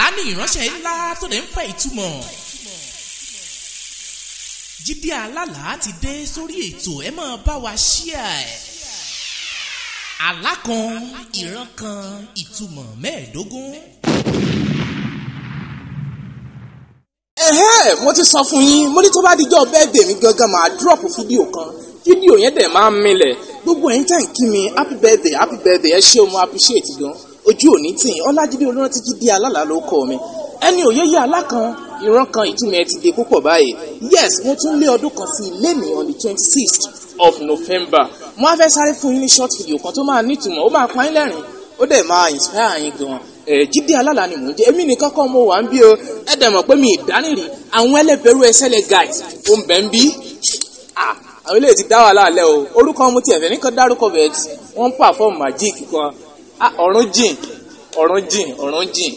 àlá ni ìránṣẹ́ ńlá tó lè ń fẹ́ ìtumọ̀ jíde alálà ti dé sórí ètò ẹ máa bá wa ṣíà ẹ̀ àlá kan ìran kan ìtumọ̀ mẹ́ẹ̀ẹ́dógún. ẹ̀hẹ́ mo ti sọ fún yín mo ní tó bá dijọ́ bẹ́ẹ̀dẹ̀ mi gangan màá dúrọ̀pù fídíò kan fídíò yẹn dẹ̀ máa ń milẹ̀ gbogbo ẹ̀yin tẹ̀ ń kí mi happy birthday happy birthday ẹ ṣé o mo appreciate gan ojú òní tì í ọlájídé olórántí jíde alálàá ló kọ mi ẹni òye yẹ alákan ìran kan ìtumọ̀ ẹ ti dé púpọ̀ báyìí yes mo tún lé ọdún kan sí ilé mi on the twenty sixth of november mo á fẹ́ sáré fún yín ní short video kan tó máa nítumọ̀ ó máa pa yín lẹ́rìn ó dẹ̀ máa inspire yín gan-an jíde alálàá ni mò ń jẹ èmi nìkan kọ́ mo wà ń bí o ẹ dẹ̀ mọ̀ pé mi ìdánirì àwọn ẹlẹ́bẹ̀rù ẹsẹ̀lẹ̀ guys ó ń bẹ̀ ń bí àwọn eléyìí ti dá wàhálà lẹ́ o orúkọ ọmọ tiẹ̀ fẹ́ nìkan dárúkọ bẹ̀ẹ́ tí wọ́n ń pàfọ́ọ̀mù magic kan Ah, ọ̀run jìn ọ̀run jìn ọ̀run jìn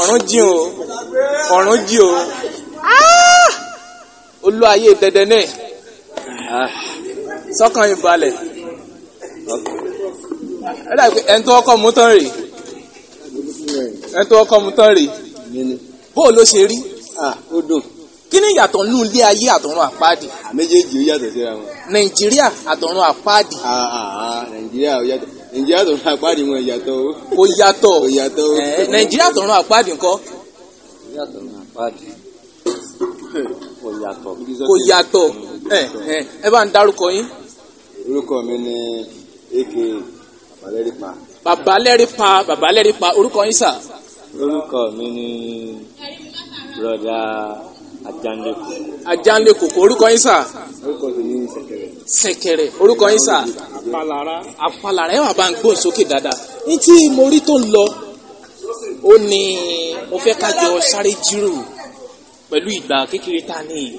ọ̀run jìn o ọ̀run jìn o ah! olú ayé dẹdẹ náà ah. sọ́kàn yìí balẹ̀ ẹni tó ọkọ̀ mú tán rèé ẹni tó ọkọ̀ mú tán rèé bóò ló ṣe rí ó dùn kí ni ìyàtọ̀ nínú ilé ayé àtọ̀run àpáàdì. méjèèjì ó yàtọ̀ síra wọn. nàìjíríà àtọ̀run àpáàdì. nàìjíríà ó yàtọ̀ nàìjíríà tó rán àpáàdì wọn ìyàtọ̀ o. ó yàtọ̀ ó yàtọ̀ o. nàìjíríà tó rán àpáàdì ńkọ́. nàìjíríà tó rán àpáàdì kò yàtọ̀. kò yàtọ̀ ẹ bá ń darúkọ yín. orúkọ mi ni eke babalẹ́rìpa. babalẹ́rìpa babalẹ́rìpa orúkọ yín sà. orúkọ mi ni broda. Ajánlékò. Ajánlékò kò orúkọ yín sà. orúkọ mi ni Sẹ̀kẹ̀rẹ̀. Sẹ̀kẹ̀rẹ̀ orúkọ yín sà. Apalara. Apalara ẹ wà bá ń gbóhùn sókè dáadáa ní tí mo rí tó ń lọ ó ní mo fẹ́ kájọ sáré jíròrò pẹ̀lú ìgbà kékeré tá a ní yìí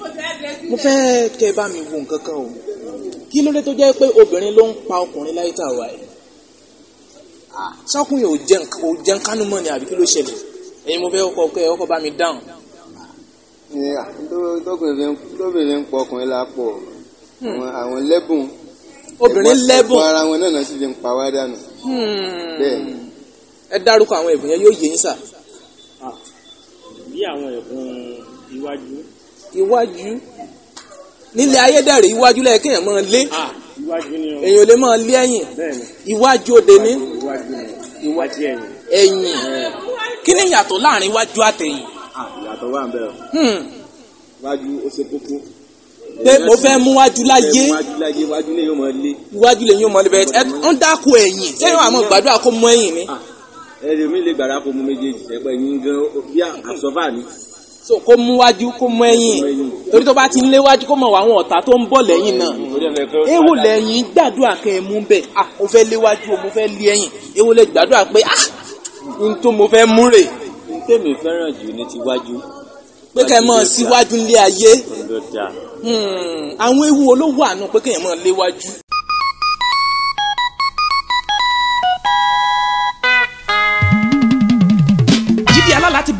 mo fẹ́ kẹ́ bá mi wo nǹkan kan o kí ló dé tó jẹ́ pé obìnrin ló ń pa ọkùnrin láyé tá a wà yìí sọkùnrin ah, ò jẹun kánú mọ́ ni àbí kí ló ṣẹlẹ̀ ẹ̀yin mo fẹ́ ọkọ̀ ọkọ̀ bá mi dáhùn tóbìnrin ń pọ ọkùnrin la pọ̀ àwọn lẹ́bùn obìnrin lẹ́bùn ara wọn náà sì fi ń pa wá dànù. Hmm. ẹ dárúkọ àwọn ẹ̀bùn yẹn yóò yé yín sà. Ah, bí àwọn ẹ̀bùn iwájú. iwájú nílẹ̀ ayédèrè iwájú lẹ́yìn kéèyàn máa lé ah, èèyàn ò lè máa lé ẹ̀yìn iwájú òde ní. iwájú ẹ̀yìn. ẹ̀yìn kí ni ìyàtọ̀ láàrin iwájú àtẹ̀yìn tó wà ń bẹ̀rẹ̀ hmm. wájú ó ṣe kókó pé mo fẹ́ mú wájú láyé iwájú lè yóò mọ lé iwájú lè yóò mọ lé bẹ́ẹ̀ ń dáko ẹ̀yìn sẹ́yìn àmọ́ gbàdúrà kó mọ ẹ̀yìn mi. Ah, ẹ̀rì mi lè gbàdá kó mú méjèèjì ẹgbẹ́ yín gan bí àsọ́fà ni. so kó mú wájú kó mọ ẹ̀yìn torí tó bá ti ń lé wájú kó mọ àwọn ọ̀tá tó ń bọ̀ lẹ́yìn náà. èwo lẹ́yìn gbàdúrà kẹ́ ẹ mú bẹ́ẹ̀ ah mo fẹ́ lé wájú mo fẹ́ lé ẹ̀yìn èwo lẹ gbàdúrà pé ah n tó mo fẹ́ tèmi fẹ́ràn jù ní tiwájú. pé kẹ́ ẹ mọ̀ síwájú nílé ayé hmm, àwọn ewu olówó àánú pé kéèyàn mọ̀ léwájú.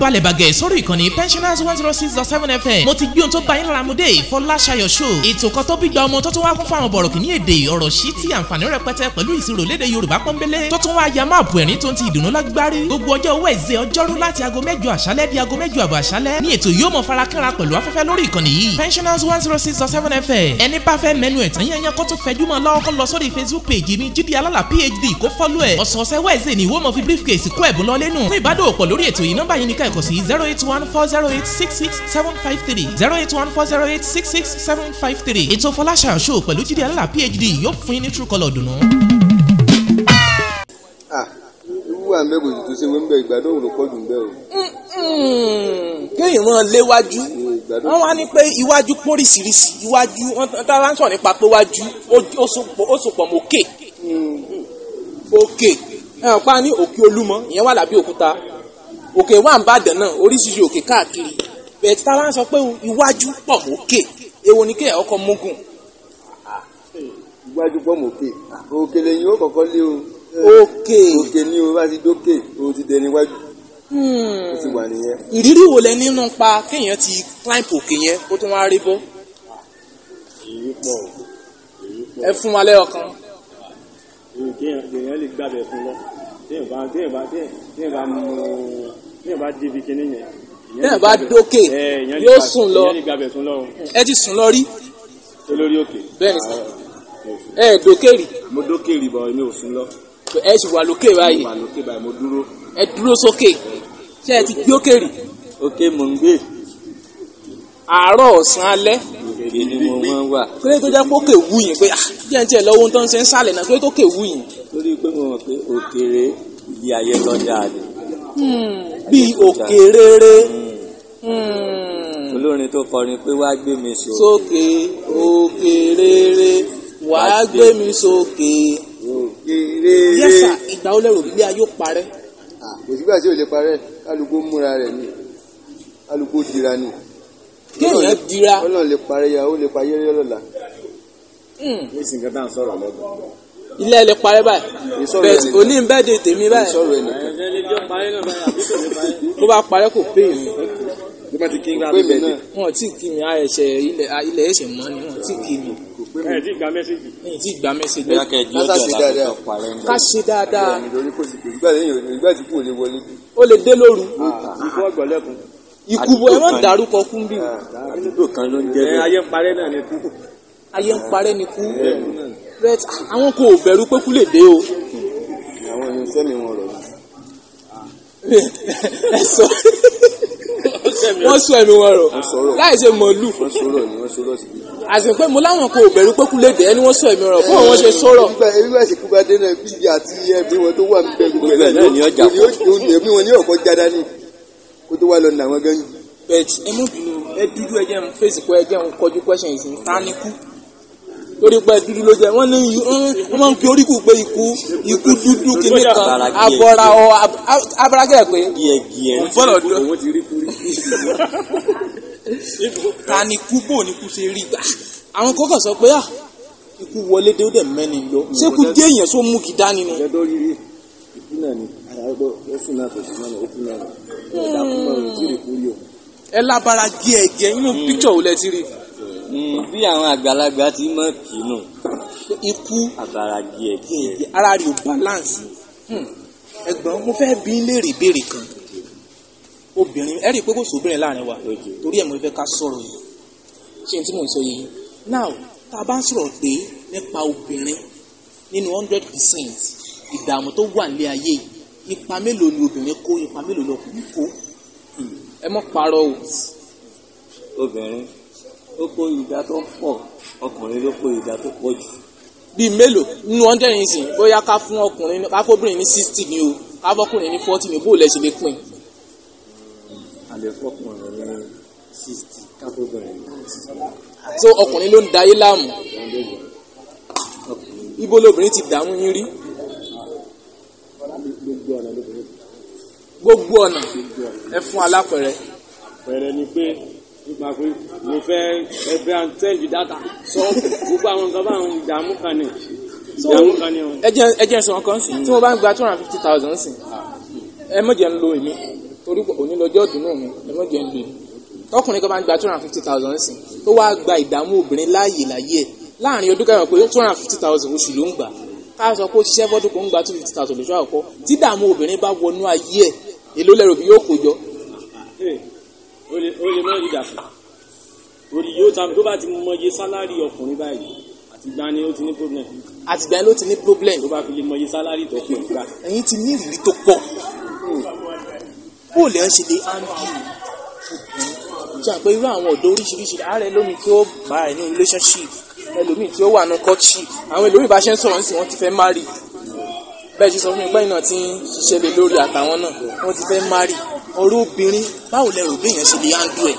balẹ̀ bàgẹ́ sórí ìkànnì pensioners one zero six dot seven fm mo ti gbé ohun tó bá yín lára mu dé ìfọláṣayọ̀ show ètò kan tó bí gba ọmọ tó tún wá kún fáwọn bọ̀rọ̀kì ní èdè ọ̀rọ̀ sí ti àǹfààní rẹpẹtẹ pẹ̀lú ìṣirò léde yorùbá pọ́nbélé tó tún wá ya máàpù ẹ̀rín tó ń ti ìdùnnú lágbárí gbogbo ọjọ́ owó ẹ̀zẹ̀ ọjọ́rú láti aago mẹ́jọ àṣálẹ́ di aago mẹ́jọ àbọ̀ àṣálẹ́ ní ètò yóò mọ farakínra pẹ̀lú afẹ́fẹ́ lórí ìkànnì yìí pensioners one zero six dot seven fm ẹni bá fẹ́ mẹ́nu ẹ̀tàn yẹn yẹn kó tún fẹjú mọ́ lọ́wọ́ kó lọ sórí facebook page mi jíde alálà phd kó fọ́lú ẹ̀ ọ̀sọ̀ọ̀sẹ̀ wẹ̀ẹ́sẹ̀ ni ìwọ́n mọ̀ fi briefcase kó ẹ̀bùn lọ lẹ́nu fún ìbádọ́ òpọ̀ lórí ètò yìí ìpínlẹ̀ sí zero eight one four zero eight six six seven five three zero eight one four zero eight six six seven five three ètò Fọláṣà show pẹ̀lú Jídé Ọlá PhD yóò fún yín ní Truecaller dùnú. wúwà ń bẹ kò sì tó ṣe wọ́n ń bẹ ìgbádùn òun ló pọ̀ jù ń bẹ o. kéèyàn máa léwájú wọ́n wá ní pé iwájú póríṣiríṣi iwájú wọ́n tọ́lá ń sọ nípa pé wájú ó sopọ̀ mọ́kè òkè hmm. ẹ̀ pa ní òkè olúmọ ìyẹn wà lábẹ́ òkúta òkè wà ń bàdàn náà oríṣiríṣi òkè káàkiri bẹ́ẹ̀ tí táwọn sọ pé iwájú pọ̀ mókè èwo ni kéèyàn ọkọ̀ mógùn. iwájú pọ̀ mókè òkè lẹ́yìn ó kọ́kọ́ lé o òkè òkè ni o bá ti dókè o ti dẹni iwájú hmm. ó ti wà nìyẹn. ìrírí wo lẹ nínú pa kéèyàn ti climb òkè yẹn kó tó wá rí bọ́. èyí pọ̀ èyí pọ̀ ẹ fún wa lẹ́yọ̀ kan. èyí kéèyàn lè gbàgbẹ́ fún lọ téèyàn bá téèyàn bá téèyàn bá mú téèyàn bá débi kíní yẹn. téèyàn bá dókè eh, yóò sùn lọ ẹ ti sùn lọ rí. olórí òkè. bẹ́ẹ̀ni sà ah, ẹ dókè rí. mo dókè rí bọ èmi ò sùn lọ. ẹ sì wà lókè báyìí. wà lókè báyìí mo dúró. ẹ dúró sókè ṣé ẹ ti gbé òkè rí. òkè mò ń gbé. àárọ̀ ọ̀sán alẹ́ èdè ni mo máa ń wà. kí ló tó jẹ́ pókè wú yìí pé ah díẹ̀ ń tiẹ̀ lọ́wọ́ tó ń ṣe ń sálẹ̀ náà kí ló tó kè wú yìí torí pé mo mọ̀ pé òkèèrè ibi ayé lọ́jà ni. Hmm. bí òkèèrè hmm. olórin tó kọrin pé wàá gbé mi sókè. sókè òkèèrè wàá gbé mi sókè. òkèèrè. yẹ́sà ìgbà ó lẹ́rù bí ayé ó parẹ́. Ah, kò sígbà tí ò lè parẹ́ kálukú múra rẹ̀ ni kálukú dira ni. kéèyàn dira. ọlọ́run lè parẹ́ ya ó lè pa yẹ́rẹ́ lọ́la. ní hmm. ìsìnkú tá à ń sọ̀rọ̀ lọ́dọ̀ ilé ẹ lè parẹ́ báyìí bẹ́ẹ̀ òní ń bẹ́ẹ̀ de tèmi báyìí tó bá parẹ́ kò pé mi bí wọ́n ti kí nǹkan bẹ́ẹ̀ náà. wọ́n ti kí mi àìṣẹ́ ilẹ̀ ilẹ̀ ẹ̀ṣẹ̀ mọ́ ni wọ́n ti kí mi. ẹ̀ ti gba mẹ́sẹ̀gì. ẹ̀ ti gba mẹ́sẹ̀gì. bóyá kẹ́ ẹ jẹ́ ọjọ́ ìlànà parẹ́ ń bọ̀. ká ṣe dáadáa. ìgbà tí kò lè wọlé. ó lè dé lóru. ìfọ́ ah. ọ̀gbọ̀lẹ́kùn. ikú bọ ẹ má dárúkọ kún bí. Ah, àdúgbò kan ló ń jẹ́ bẹ́ẹ̀. ayé ń parẹ́ náà ni kú. ayé ń parẹ́ ni kú but àwọn kò bẹ̀rù pé kú lè dé o. àwọn èèyàn sẹ́mi wọn rọ̀ ẹ sọ wọ́n sọ ẹ̀mí wọn rọ̀ láì ṣe mọ̀lú. wọ́n sọ̀rọ̀ ni wọ́n sọ̀rọ̀ sí i. àti pé mo láwọn kò bẹ̀rù pé kú lè dé ẹni wọ́n sọ ẹ̀mí rọ̀ bọ́ọ̀ wọ́n ṣe sọ̀rọ̀. ebi bá ìsìnkú bá dé náà bíbí àti ẹ̀mí wọn tó wà níbẹ̀ gbogbo ẹ̀ náà ni ọjà pọ̀ ẹ̀mí wọn ní ọ̀kọ́ jáda ní kó tó wà lọ nà wọn gán. bẹ́ẹ̀ ẹ mú bínú ẹ dúdú ẹ fèsì kọ ẹ kọjú question yìí sí ta ni kú torí pé dúdú ló jẹ wọn ní hmm, wọn máa ń pe oríkù pé ikú ikú dúdú kìíní kan abọra ọ abaragẹ pé fọlọ dọ ta ni kú bò ní kú ṣe rí gbà ah, àwọn kọkọ sọ pé à ah, ikú wọlé dé ó dẹ̀ mẹ́ni lọ ṣé kú dé èèyàn só mú kí dání ni. ẹjọ́ rírì ikú náà ni àyàgbọ́ ẹ̀sùn náà tó ti mọ́nà ó kú náà ẹ̀dá kú mọ́rin tí ì ẹ lábára gé ẹgẹ inú hmm. píkítọ̀ wò lẹ ti rí bí àwọn àgbàlagbà ti mọ kinu. ikú abara díẹ̀ díẹ̀ ara rẹ̀ ò balance hmm. ẹ̀gbọ́n mo fẹ́ bi ń léèrè ìbéèrè kan obìnrin ẹ rí i pé kò sóbìnrin láàrin wa torí ẹ̀ mo fẹ́ ká sọ̀rọ̀ yìí ṣé n tí mò ń sọ yìí now tá a bá ń sọ̀rọ̀ pé nípa obìnrin nínú hundred percent ìdààmú tó wà nílé ayé ipa mélòó ni obìnrin kó ipa mélòó ni ọkùnrin kó hmm. ẹ mọ̀ parọ́ o. obìnrin ó kó ìdá tó pọ̀ ọkùnrin ló kó ìdá tó pọ̀ jù. bíi mélòó nínú hundred yìí sìn bóyá ká fún ọkùnrin ká fóbìnrin ní sixty ni o ká fọkùnrin ní forty ni bó lẹ ṣe lè pín. a lè fọkùnrin ní sixty ká fóbìnrin ní forty. so ọkùnrin ló ń da ayé láàmú ibo lobìnrin ti dààmú yín rí. gbogbo ọ̀nà ẹ fún alápẹ̀rẹ̀. pẹ̀rẹ̀ ni pé nípa pé mo fẹ́ ẹgbẹ́ and send you data sọ gbogbo àwọn nǹkan bá àwọn ìdààmú kan ní ìdààmú kan ní ọ̀hún. ẹ jẹ́ sọ ọkàn sí tí mo bá ń gba two hundred and fifty thousand sí ẹ má jẹ́ ń lo èmi torí òní lọ́jọ́ ìdùnnú mi ẹ má jẹ́ ń lo èmi tọkùnrin kan bá ń gba two hundred and fifty thousand sí tó wá gba ìdààmú obìnrin láàyè láyè ẹ láàrin ọdún kẹwàá pé two hundred and fifty thousand oṣù ló ń gbà ká sọ pé ó ṣiṣẹ́ fọ́dún kó ń gba two fifty thousand lóṣù àkọ́kọ́ tí ìdààmú obìnrin bá wọnú ayé ẹ̀ èló lẹ́rù bí yóò kó jọ ó lè má rí dàfẹ́ orí yóò tàbí tó bá ti mọye sálárì ọkùnrin báyìí àtìgbà ni ó ti ní problem. àtìgbà ló ti ní problem. tó bá fi lè mọye sálárì tọkùnrin gbà. ẹ̀yin ti ní ìrírí tó pọ̀ bóòlù ẹ̀ ń ṣe lè áńgì jẹ́ àpé irú àwọn ọ̀dọ́ oríṣiríṣi ààrẹ lómi tí ó bá ẹ̀ ní relationship ẹlòmíì tí ó wà ní courtship àwọn ẹlòmíì bá ṣe ń sọ̀rọ̀ ní sì wọ́n ti fẹ́ marry bẹ́ẹ̀ ṣe sọ fún mi pẹ́yìn náà ti ń ṣiṣẹ́ lé lórí àtàwọn náà wọ́n ti fẹ́ marry ọ̀rọ̀ obìnrin báwo lẹ rò bí èèyàn ṣe lè handle ẹ̀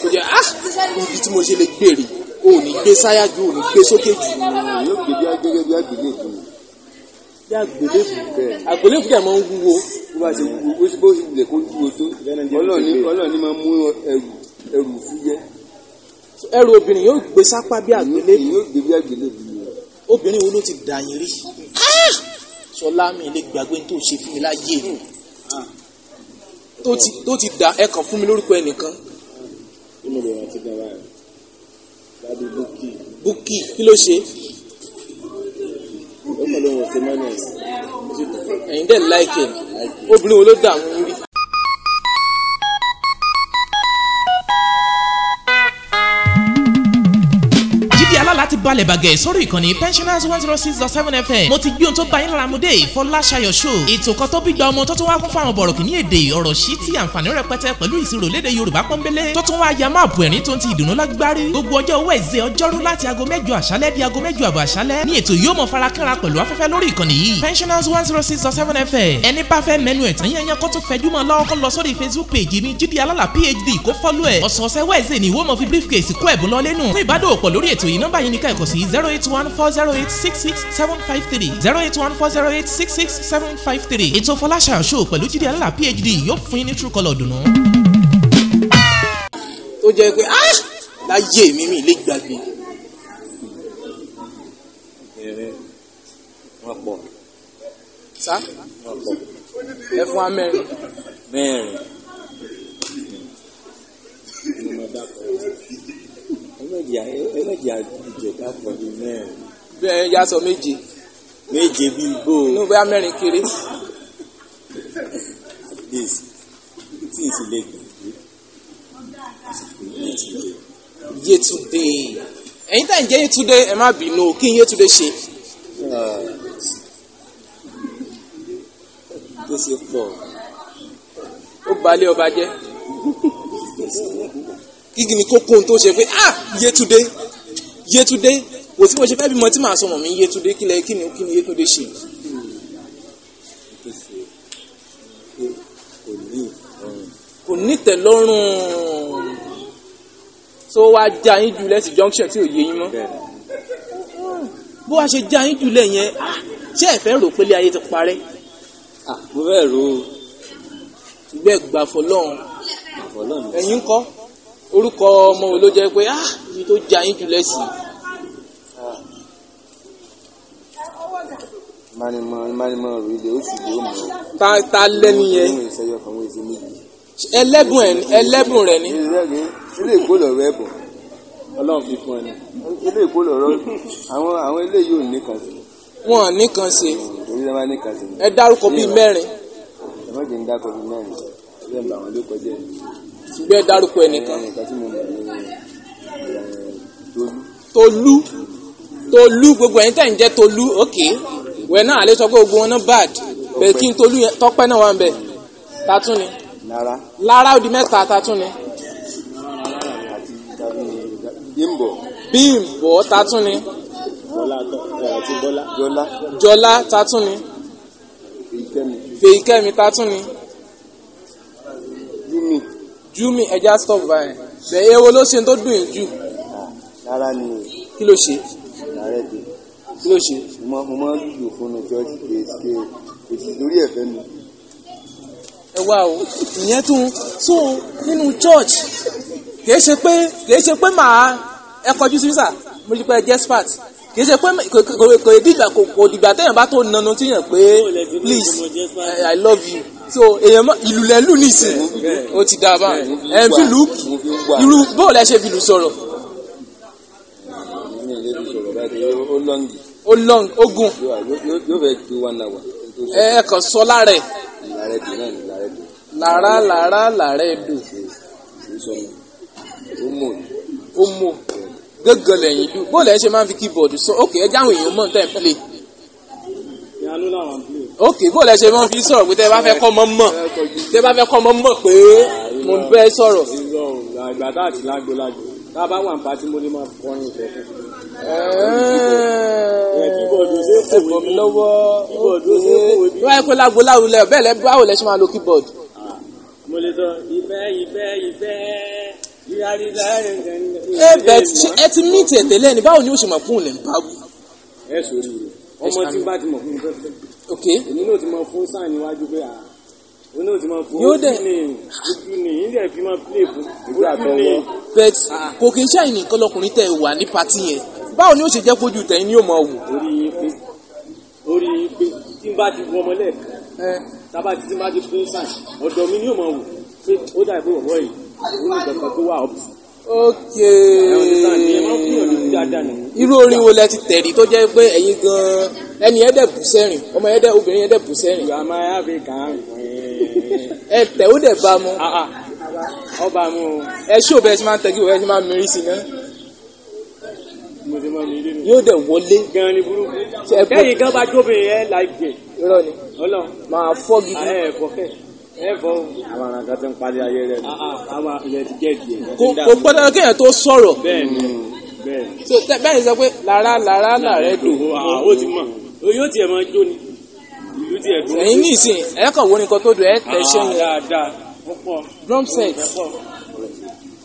kò jẹ́ ah ibi tí mo ṣe lè gbèrè o ò ní gbé sáyà o ò ní gbé sókè jù. yóò gbé bí agbẹ́gẹ́ bí agbèlébu. bí agbèlébu bẹ́ẹ̀. agbèlébu dẹ̀ máa ń wúwo. bó bá ṣe wúwo bó ṣe bó ṣe wulẹ̀ kó wúwo tó. ọlọ́ọ̀ni ọlọ́ọ̀ni máa ń mú ẹrù ẹrù fúyẹ́. ẹrù obìnrin yóò gbé sápá bí agbèlébu. yóò gbé bí agbèlébu. obìnrin wo ló ti dàyìn rí. sọlá ah! mi lè gbàgbé tó ṣe fún mi láyé tó ti dà ẹ kàn fún mi lórúkọ ẹnìkan. inú rẹ̀ wọ́n ti dá kí ló ṣe. ó kàn ló ń obìnrin wo ló dààmú rí. balẹ̀ bàgẹ́ sórí ìkànnì pensioners one zero six dot seven fm mo ti gbé ohun tó bá yín lára mu dé ìfọláṣayọ̀ show ètò kan tó gbígba ọmọ tó tún wá kún fún àwọn bọ̀rọ̀kì ní èdè ọ̀rọ̀ sí ti àǹfààní rẹpẹtẹ pẹ̀lú ìṣirò léde yorùbá pọ́nbélé tó tún wá ya máàpù ẹ̀rín tó ń ti ìdùnnú lágbárí gbogbo ọjọ́ owó ẹ̀zẹ̀ ọjọ́rú láti aago mẹ́jọ àṣálẹ́ di aago mẹ́jọ àbọ̀ àṣálẹ́ ní ètò yóò mọ̀ farakínra pẹ̀lú afẹ́fẹ́ lórí ìkànnì yìí pensioners one zero six dot seven fm ẹni bá fẹ́ mẹ́nu ẹ̀tàn yẹn yẹn kó tó fẹjú mọ́ lọ́wọ́ kó lọ sórí facebook page mi jíde alálà phd kó fọ́lú ẹ̀ ọ̀sọ̀ọ̀sẹ̀ wẹ̀ẹ́sẹ̀ ni ìwọ́n mọ̀ briefcase kó ẹ̀bùn lọ lẹ́nu fún ìbádọ́ òpọ̀ lórí ètò kàn sí zero eight one four zero eight six six seven five three zero eight one four zero eight six six seven five three ètò Fọláṣà show pẹ̀lú Jídé Alálà PhD yóò fún yín ní true colour dùnú. tó jẹ́ pé ah, láyé mi mi lè gbàgbé. ẹ̀rẹ́ wọn pọ̀. sá wọn pọ̀. ẹ fún wa mẹ́rin. mẹ́rin ẹlẹ́jì zakat for the men. bẹ́ẹ̀ ya sọ méje. méje bí igbó. inú bẹ́ẹ̀ mẹ́rin kéré. this tí n sì lè gbàgbé yetunde ẹ̀yin tá ń jẹ́ yetunde ẹ má bínú kí n yetunde ṣe. Ah, tó ṣe pọ̀ ó balẹ̀ ọba jẹ́ kí ni kókó tó ṣe pé ah yetunde Yétúndé kò tí mo ṣe fẹ́ bímọ tí màá sọmọ mi Yétúndé kí lẹ kí ni kí ni Yétúndé ṣe. kò ní tẹ́lọ́rùn tó wá já yín jù lẹ́sìn junction tí ò yé yín mọ́ bó wá ṣe já yín jù lẹ́ yẹn ṣé ẹ rò pé ilé ayé ti parẹ́. mo fẹ́ rò ó. ìgbẹ́ gbà fọlọ́run ẹ̀yin kọ́ orúkọ ọmọ wo ló jẹ́ pé ibi tó já yín jù lẹ́sìn. ìbánimọ̀ ìbánimọ̀ rèé lè oṣù yóò mú. ta ta lẹ́nu yẹn. ẹlẹ́bùn ẹ̀ ẹlẹ́bùn rẹ̀ ni. ilé ìkó lọ̀rọ̀ ẹ̀bùn ọlọ́run fi fún ẹ ní. ilé ìkó lọ̀rọ̀ àwọn àwọn eléyìí ò ní kan sí. wọn à ní kan sí. torí ẹ máa ní kan sí. ẹ dárúkọ bíi mẹ́rin. ẹ jẹ́ ń dákọ̀ bíi mẹ́rin ẹ bá àwọn ilé kọjá ṣùgbọ́n ẹ dárúkọ ẹnìkan. ẹnìkan tí mo gbogbo ẹ̀yin tẹ̀ ń jẹ́ Tolú ókè. Okay wẹ̀ náà àlẹ́ sọ pé ogun wọn náà bad bẹ̀ kí n tolú yẹn tọ́pẹ́ náà wà ń bẹ̀ tatún ni lára ó di mẹ́ta tatún ni bímbọ̀ tatún ni jọlá tatún ni fèyíkẹ́mi tatún ni júmi ẹja stop by bẹ̀ ewo ló ṣe tó dùn yín jù kí ló ṣe kí ló ṣe mo máa ń lò fóònù church pé ṣe kò sì lórí ẹ̀fẹ́ mi. ẹ wá o ìyẹn tún so nínú church kìí ṣe pé kìí ṣe pé màá ẹ kọjú sí sà mo rí pé guest part kìí ṣe pé kò dìgbà kò dìgbà téèyàn bá tó nanu tí yàn pé please i love you so èèyàn ìlú lẹ́lù nìsín ó ti dá a bá ẹ̀ ń fi lù irú bóòlù ẹ ṣe fi lù sọ̀rọ̀. ó lọ́ngì ó long ó gùn. yóò fẹ́ ju one hour. ẹ kàn sọ lára ẹ. lára ẹdùn náà ni lára ẹdùn. lára lára lára ẹdùn. ó mò ó mò gángan lẹ́yìn ìlú bóòlù ẹ ṣe máa ń fi keyboard sọ ok ẹ jáwé èèyàn mọ̀ tẹ́ ń play. ok bóòlù ẹ ṣe máa ń fi sọ̀rọ̀ pé tẹ́ bá fẹ́ kọ́ mọ́ mọ̀ tẹ́ bá fẹ́ kọ́ mọ́ mọ̀ pé mo bẹ́ sọ̀rọ̀. ìgbà tá àti lágbo lágbo tá a bá wà ń pa tí mo ní máa kọrin ìfẹ́ fún un ẹ̀bùn mi lọ́wọ́ ló wáyé pé lágbo láwùlẹ̀ bẹ́ẹ̀ lẹ́ báwo lẹ ṣe máa lo keyboard. mo lè sọ ìfẹ́ ìfẹ́ ìfẹ́ ẹ bẹ ẹ ti mí tiẹ̀ tẹ́lẹ̀ ni báwo ni o ṣe mọ̀ fún un lẹ̀ ń bá wù. ẹ sori ọmọ tí bá ti mọ̀ fún mi fẹ́fẹ́. ok èmi náà ti mọ fún sáà níwájú pé àá báwo ni ó ṣe jẹ́ kójú tẹ̀yìn ni ó máa wù. orí ipe orí ipe tí n bá ti wọ ọmọ lẹ́ẹ̀kan tábà tí tí n bá ti fún sàn ọ̀dọ̀ mi ni ó máa pé ó dà ìpé wọ̀wọ́ yìí òun ní ìjọba tó wà ọ̀bù. ok irú orin wo lẹ ti tẹ̀rí tó jẹ́ pé ẹ̀yin gan-an ẹni ẹ̀ dẹ̀ bù sẹ́rìn ọmọ ẹ̀ dẹ̀ obìnrin ẹ̀ dẹ̀ bù sẹ́rìn. yóò máa yá fi kàn án. ẹ tẹ̀ ó dẹ̀ bá mu. Ah, ah. ọba mu. ẹ ṣó bẹ́ẹ̀ ti máa ń tẹ́jú ẹ ti máa ń mìírí sí náà yóò dẹ̀ wọlé. kẹ́yìn kan bá jóbe ẹ láìpẹ́. irọ́ ni máa fọ́ gidi. ẹ fọ́ kẹ́ ẹ fọ́. àwọn àràǹkà ti ń parí ayé rẹ ni. Ah, ah, àwọn àyẹ̀ ti jẹ́ ìdíyẹ. kò gbọ́dọ̀ kéèyàn tó sọ̀rọ̀. bẹ́ẹ̀ni hmm. bẹ́ẹ̀ni. bẹ́ẹ̀ni sọ pé lára lára làrẹ dùn. Ah, ó ti mọ̀ yóò tiẹ̀ máa jó ni ìlú tiẹ̀ dùn. ẹ̀yin ní ìsìn ẹ̀ kàn wo nìkan tó dùn ẹ̀ tẹ̀ ṣe yẹn. drum set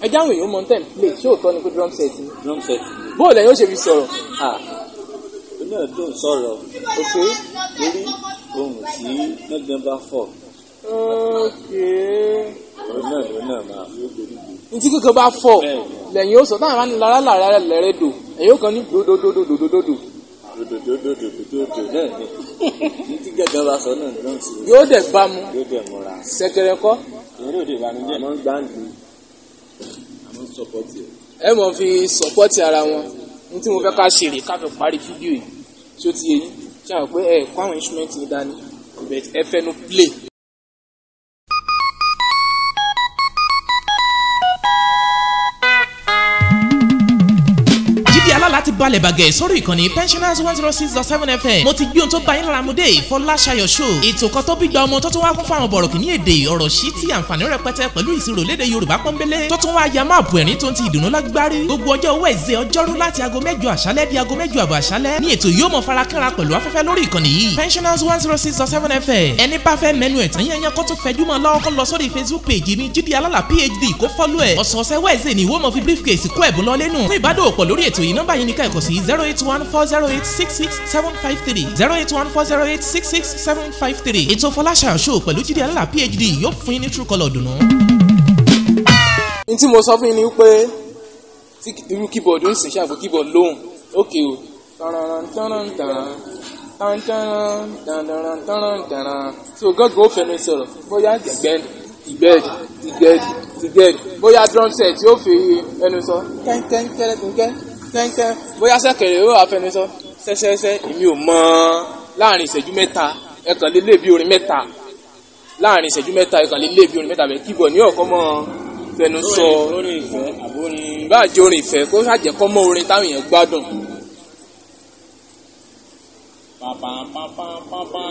ẹ jáwé yóò mọ̀ ń tẹ̀ ń play ṣé òótọ́ ni pé drum set ni. drum set ni bóò lẹ́yìn ó ṣe fi sọ̀rọ̀. ó náà dùn sọ̀rọ̀ ó pé torí ohun tí mẹ́gbẹ́n bá fọ̀. ó náà ló náà máa fi ó gbèrú ntí kankan bá fọ̀ lẹ́yìn ó sọ táwọn máa ń lára lára lẹ́rẹ́ dò ẹ̀yìn ó kàn ní dòdòdòdòdòdòdò. dòdòdòdòdòdòdò náà ni ntí kankan bá sọ náà ló ń sọ. yóò dẹ̀ bá mu yóò dẹ̀ múra sẹ̀kẹ̀rẹ̀ kọ́. yóò dẹ̀ bá mu jẹ́ àmọ́ gbàǹdì ẹ mọ̀ fi sọ́pọ́tì ara wọn ní tí mo fẹ́ ká ṣe rè ká fi parí fídíò yìí tí ó ti yẹ yín ṣe àwọn pé ẹ kó àwọn instrument yìí dání ẹ fẹnu play balẹ̀ bàgẹ́ sórí ìkànnì pensioners one zero six dot seven fm mo ti gbé ohun tó bá yín lára mu dé ìfọláṣayọ̀ show ètò kan tó gbígba ọmọ tó tún wá kún fún àwọn bọ̀rọ̀kì ní èdè ọ̀rọ̀ sí ti àǹfààní rẹpẹtẹ pẹ̀lú ìṣirò léde yorùbá pọ́nbélé tó tún wá ya máàpù ẹ̀rín tó ń ti ìdùnnú lágbárí gbogbo ọjọ́ wẹ̀ẹ́sẹ̀ ọjọ́rú láti aago mẹ́jọ àṣálẹ́ di aago mẹ́jọ àbọ̀ àṣálẹ́ ní ètò yóò mọ̀ farakínra pẹ̀lú afẹ́fẹ́ lórí ìkànnì yìí pensioners one zero six dot seven fm ẹni bá fẹ́ mẹ́nu ẹ̀tàn yẹn yẹn kó tó fẹjú mọ́ lọ́wọ́ kó lọ sórí facebook page mi jíde alálà phd kó fọ́lú ẹ̀ ọ̀sọ̀ọ̀sẹ̀ wẹ̀ẹ́sẹ̀ ni ìwọ́n mọ̀ fi briefcase kó ẹ̀bùn lọ lẹ́nu fún ìbádọ́ òpọ̀ lórí ètò kò sí zero eight one four zero eight six six seven five three zero eight one four zero eight six six seven five three ètò Fọláṣà show pẹ̀lú Jídé Alálà PhD yóò fún yín ní Truecaller dùnú. n tí mo sọ fún yín ni pé tí irú keyboard ń sìn ṣàgbé keyboard lóhùn ókè o so God go fẹnu sọ̀rọ̀ bóyá gbẹ̀gbẹ́ ìgbẹ́d ìgbẹ́d ìgbẹ́d bóyá drum set yóò fi ẹnu sọ kẹ́ńkẹ́ńkẹ́rẹ́ kẹ́ńkẹ́ kẹ́ńkẹ́ bóyá sẹ́kẹ̀rẹ̀ ó àfẹnusọ sẹ́sẹ́sẹ́ èmi ò mọ láàrin ìṣẹ́jú mẹ́ta ẹ̀kànlélé bí orin mẹ́ta láàrin ìṣẹ́jú mẹ́ta ẹ̀kànlélé bí orin mẹ́ta bẹ́ẹ̀ kíbọ̀ ní ọ̀kọ́ mọ́ fẹnu sọ báàjẹ́ orin ìfẹ́ kó ṣàjẹ́ kọ́ mọ́ orin táwọn èèyàn gbádùn. pàpà pàpà pàpà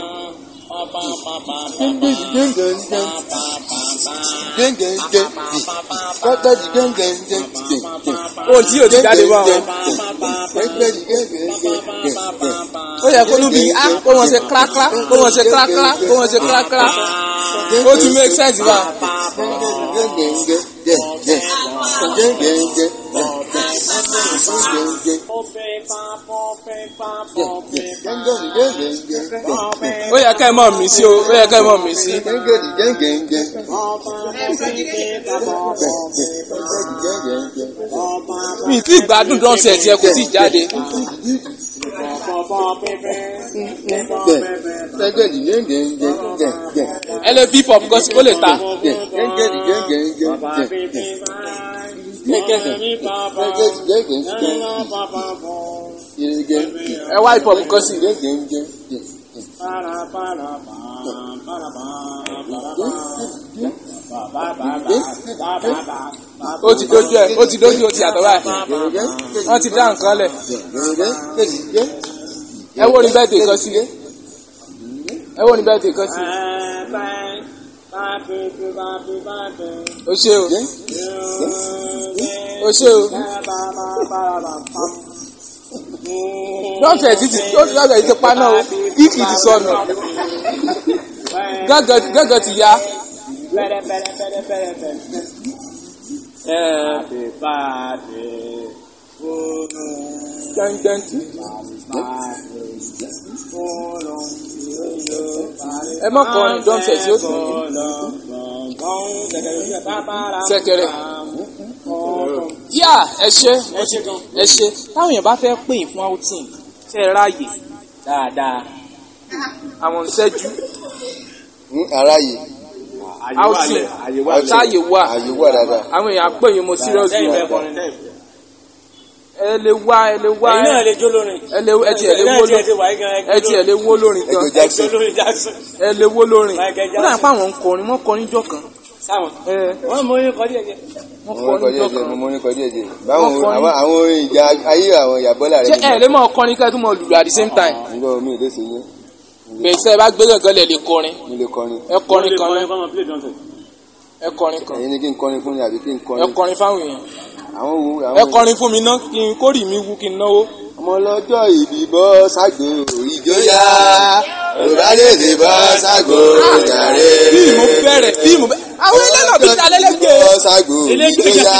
pàpà pàpà pàpà pàpà pàpà gẹ́ngẹ́ngẹ́ kọ́tẹ́jì gẹ́ngẹ́ngẹ́ o oh, tí o ti jáde wá o. gẹ́ngẹ́ngẹ́ gẹ́ngẹ́ngẹ́ ó yẹ kó ló bí a ah, kó wọn ṣe kílákílá kó wọn ṣe kílákílá kó wọn ṣe kílákílá ó ti make sense wa. gẹ́ngẹ́ngẹ́ gẹ́ngẹ́ngẹ́ gẹ́ngẹ́ngẹ́ ó yẹ ká ẹ mọ̀ mí sí o ó yẹ ká ẹ mọ̀ mí sí. mi ti gbádùn dọ́sẹ̀ tiẹ̀ kò tí ì jáde. ẹ lè bí pop gospel ó lè ta. ẹ wá hip hop kọ sí. ó ti dojú ẹ ó ti dojú ó ti yàtọ̀ báyìí wọ́n ti dá nǹkan lẹ̀ ẹ wo ni bẹ́ẹ̀ tè kọ sí ẹ wo ni bẹ́ẹ̀ tè kọ sí o ṣe o o ṣe o. lọ́sẹ̀ títí lọ́sẹ̀ títí paná o ìkì ti sọnù gángan ti ya. Happy birthday ẹ mọ kọrin dọ́ńtẹ̀ tí ó tún sẹ̀kẹ̀rẹ̀ yá ẹ ṣe ẹ ṣe táwọn èèyàn bá fẹ́ pè yín fún outing ṣe ráàyè dáadáa àwọn ìṣẹ́jú. Hmm, aráyè outing táyè wà àwọn èèyàn pè yín mo serious yìí ẹ lè wá ẹ lè wá ẹ lè jó lórin ẹ lè ẹ ti ẹ lè wó lórin ẹ ti ẹ lè wó lórin gan ẹ lè wó lórin kódà pé àwọn ń kọrin wọn kọrin jọ kan sáwọn wọn mọ orin kọdí mo mọ orin kọdí ẹjẹ báwọn àwọn orin ìjà ayé àwọn ìyàbọ́là rẹ. ṣé ẹ lè mọ ọkọrin kẹ́ tó mọ lùlù at the same time. ǹjọ́ ah, mi ò ṣe yẹn. bẹ̀sẹ̀ bá gbé gàngán lẹ̀ lè kọrin. mi lè kọrin. ẹ kọrin kọrin. ẹ kọrin kọrin. ẹ̀yin ni kí n kọrin fún yín àbí kí n kọrin. ẹ kọrin fáwọn èèyàn. ẹ kọrin fún mi ná kí n kórìí mi wú kí n náwó ọmọ lọ́jọ́ ìdìbò ságbó ìjọyà òbálẹ̀dẹ̀ bọ́ ságbó jàre. fíìmù bẹ̀rẹ̀ fíìmù bẹ̀rẹ̀ àwọn ilé náà bí dalẹ́ lẹ́gbẹ̀ẹ́. bọ́ ságbó ìjọyà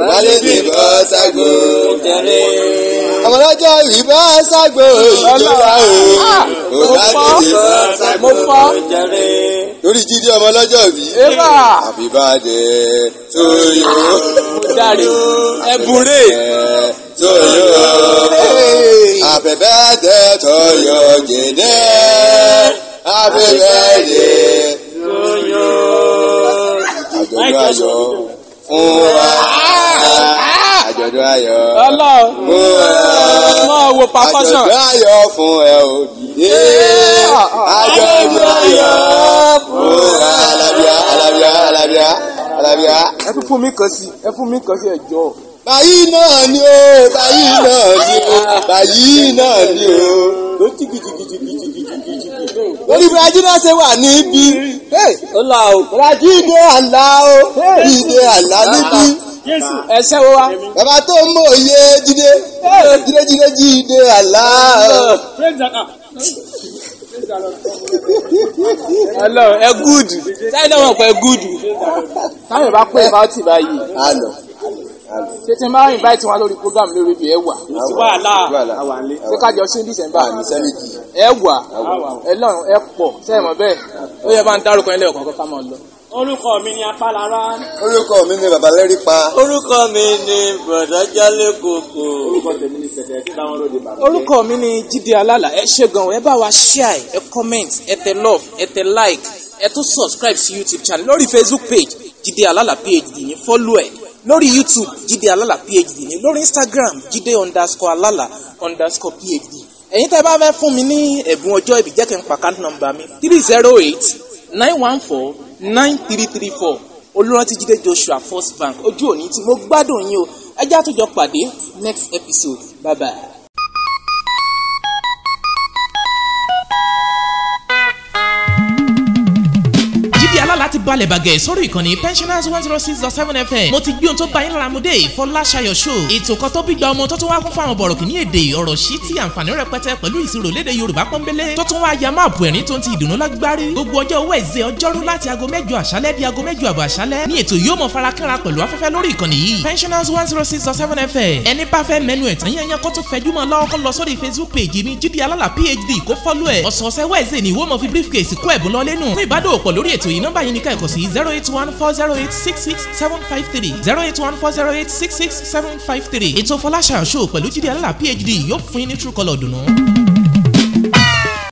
òbálẹ̀dẹ̀ bọ́ ságbó jàre. ọmọ lọ́jọ́ ìbọ́ ságbó ìjọyà o òbálẹ̀dẹ̀ bọ́ ah, ságbó jàre. lórí jíde ọmọ lọ́jọ́ bí. àbíbádẹ tó yọ. ẹbùn rè to you. Hey. Happy birthday to you, Jide. Happy birthday to you. Àjọ̀dún ayọ̀ fún wa. Àjọ̀dún ayọ̀ fún ẹ. Ọlọ́wọ́ pàkọ́sọ̀. Àjọ̀dún ayọ̀ fún ẹ o. Jide. Àjọ̀dún ayọ̀ fún wa. Alábíà, alábíà, alábíà, alábíà. Ẹ fún mi kan sí, ẹ fún mi kan sí ẹ̀jọ̀. báyìí náà ni ó báyìí náà ni ó báyìí náà ni ó lórí brazil náà ṣe wà brazil dé àlá o ìdè àlá níbí ẹsẹ wo wa. bàbá tó ń mọ òye jíde jíde jíde jíde àlá. hello ẹ gúdù sáyẹn náà wọn pẹ gúdù táwọn ìbá bá ti ṣé tí n invite wọn lórí program lórí rédíò ẹ wà. sí wàhálà ṣé kájọ ṣé dísẹ̀mbà ẹ wà ẹ lọ́run ẹ pọ̀ sẹ́yìn bẹ́ẹ̀ ó yẹ bá ń dárúkọ ilé ọ̀kọ̀ọ̀kan ká máa lọ. orúkọ mi ni apálára. orúkọ mi ni babalẹ́rí pa. orúkọ mi ni bọ̀dájálẹ̀ kòkò. orúkọ mi ni jíde alálà ẹ ṣe gan ẹ bá wa share ẹ comment ẹ tẹ love ẹ tẹ like ẹ tún subscribe sí youtube channel lórí facebook page jíde alálà page yìí follow ẹ lórí youtube Jide alala phd ni lórí instagram Jide underscore alala underscore phd ẹ̀yin tẹ́ bá fẹ́ fún mi ní ẹ̀bùn ọjọ́ ìbí jẹ́ kí n pa account number mi three zero eight nine one four nine three three four olùrántí Jide joshua first bank ojú òní tí mo gbádùn yín o ẹjẹ́ àtúnjọ pàdé next episode bye bye. balẹ̀ bàgẹ́ sórí ìkànnì pensioners one zero six dot seven fm mo ti gbé ohun tó bá yín lára mu dé ìfọláṣayọ̀ show ètò kan tó gbígba ọmọ tó tún wá kún fún àwọn bọ̀rọ̀kì èdè ọ̀rọ̀ sí ti àǹfààní rẹpẹtẹ pẹ̀lú ìṣirò léde yorùbá pọ́nbélé tó tún wá ya máàpù ẹ̀rín tó ń ti ìdùnnú lágbárí gbogbo ọjọ́ wẹ̀ẹ́sì ọjọ́rú láti aago mẹ́jọ àṣálẹ́ di aago mẹ́jọ àbọ̀ àṣálẹ́ ní ètò yóò mọ̀ farakínra pẹ̀lú afẹ́fẹ́ lórí ìkànnì yìí pensioners one zero six dot seven fm ẹni bá fẹ́ mẹ́nu ẹ̀tàn yẹn yẹn kó tó fẹjú mọ́ lọ́wọ́ kó lọ sórí facebook page mi jíde alálà phd kó fọ́lú ẹ̀ ọ̀sọ̀ọ̀sẹ̀ wẹ̀ẹ́sì ni ìwọ́n mọ̀ fi briefcase kó ẹ̀bùn lọ lẹ́nu fún kàn sí zero eight one four zero eight six six seven five three zero eight one four zero eight six six seven five three ètò Fọláṣà show pẹ̀lú Jídé Alálà PhD yóò fún yín ní Truecaller dùnú.